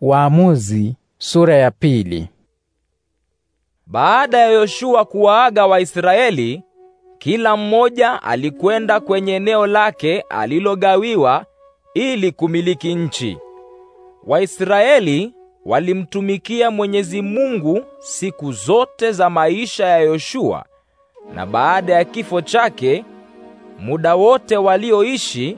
Waamuzi sura ya pili. Baada ya Yoshua kuwaaga Waisraeli, kila mmoja alikwenda kwenye eneo lake alilogawiwa ili kumiliki nchi. Waisraeli walimtumikia Mwenyezi Mungu siku zote za maisha ya Yoshua, na baada ya kifo chake, muda wote walioishi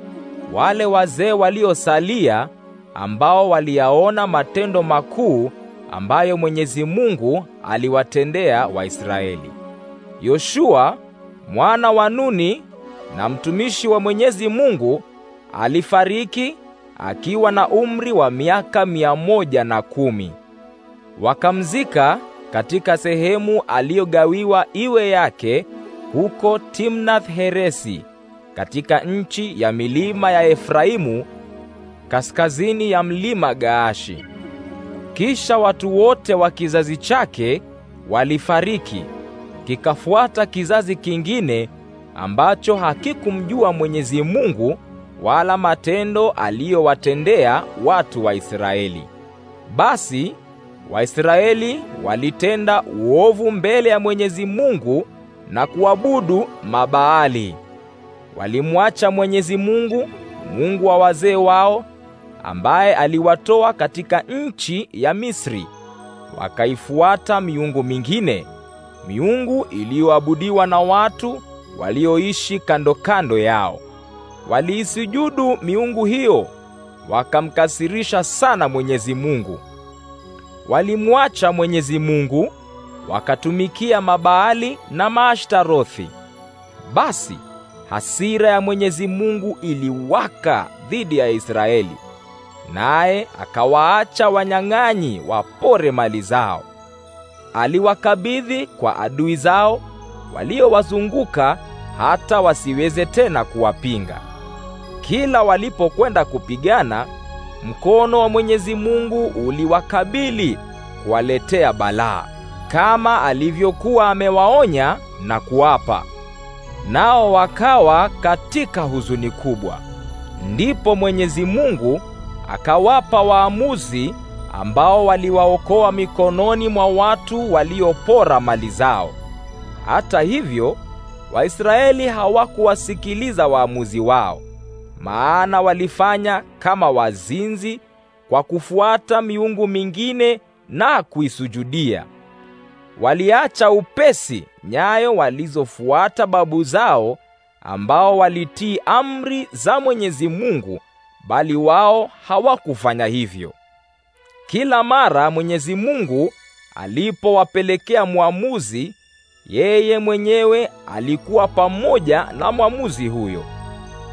wale wazee waliosalia ambao waliyaona matendo makuu ambayo Mwenyezi Mungu aliwatendea Waisraeli. Yoshua mwana wa Nuni na mtumishi wa Mwenyezi Mungu alifariki akiwa na umri wa miaka mia moja na kumi. Wakamzika katika sehemu aliyogawiwa iwe yake huko Timnath Heresi katika nchi ya milima ya Efraimu kaskazini ya mlima Gaashi. Kisha watu wote wa kizazi chake walifariki, kikafuata kizazi kingine ambacho hakikumjua Mwenyezi Mungu wala matendo aliyowatendea watu wa Israeli. Basi Waisraeli walitenda uovu mbele ya Mwenyezi Mungu na kuabudu mabaali. Walimwacha Mwenyezi Mungu, Mungu wa wazee wao ambaye aliwatoa katika nchi ya Misri, wakaifuata miungu mingine, miungu iliyoabudiwa na watu walioishi kando kando yao. Waliisujudu miungu hiyo, wakamkasirisha sana Mwenyezi Mungu. Walimwacha Mwenyezi Mungu, wakatumikia Mabaali na Maashtarothi. Basi hasira ya Mwenyezi Mungu iliwaka dhidi ya Israeli naye akawaacha wanyang'anyi wapore mali zao. Aliwakabidhi kwa adui zao waliowazunguka hata wasiweze tena kuwapinga. Kila walipokwenda kupigana, mkono wa Mwenyezi Mungu uliwakabili kuwaletea balaa kama alivyokuwa amewaonya na kuwapa, nao wakawa katika huzuni kubwa. Ndipo Mwenyezi Mungu akawapa waamuzi ambao waliwaokoa mikononi mwa watu waliopora mali zao. Hata hivyo, Waisraeli hawakuwasikiliza waamuzi wao, maana walifanya kama wazinzi kwa kufuata miungu mingine na kuisujudia. Waliacha upesi nyayo walizofuata babu zao ambao walitii amri za Mwenyezi Mungu bali wao hawakufanya hivyo. Kila mara Mwenyezi Mungu alipowapelekea mwamuzi, yeye mwenyewe alikuwa pamoja na mwamuzi huyo,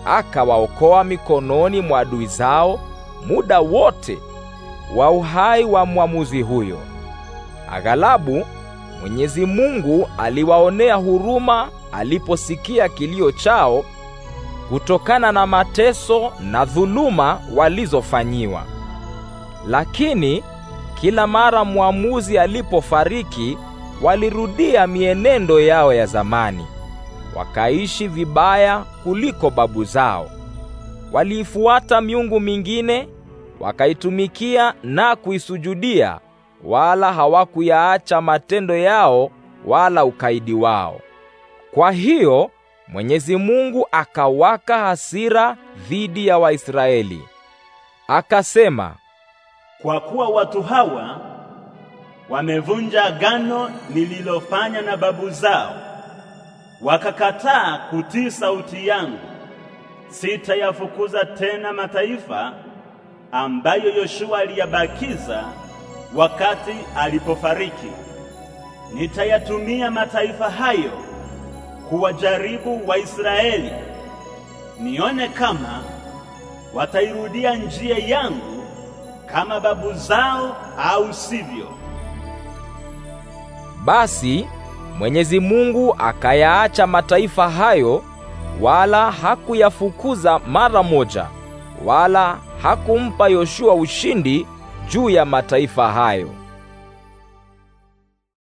akawaokoa mikononi mwa adui zao muda wote wa uhai wa mwamuzi huyo. Aghalabu Mwenyezi Mungu aliwaonea huruma aliposikia kilio chao kutokana na mateso na dhuluma walizofanyiwa. Lakini kila mara mwamuzi alipofariki, walirudia mienendo yao ya zamani, wakaishi vibaya kuliko babu zao. Waliifuata miungu mingine, wakaitumikia na kuisujudia, wala hawakuyaacha matendo yao wala ukaidi wao. Kwa hiyo Mwenyezi Mungu akawaka hasira dhidi ya Waisraeli. Akasema, kwa kuwa watu hawa wamevunja agano nililofanya na babu zao, wakakataa kutii sauti yangu, sitayafukuza tena mataifa ambayo Yoshua aliyabakiza wakati alipofariki. Nitayatumia mataifa hayo kuwajaribu Waisraeli nione kama watairudia njia yangu kama babu zao au sivyo. Basi Mwenyezi Mungu akayaacha mataifa hayo, wala hakuyafukuza mara moja, wala hakumpa Yoshua ushindi juu ya mataifa hayo.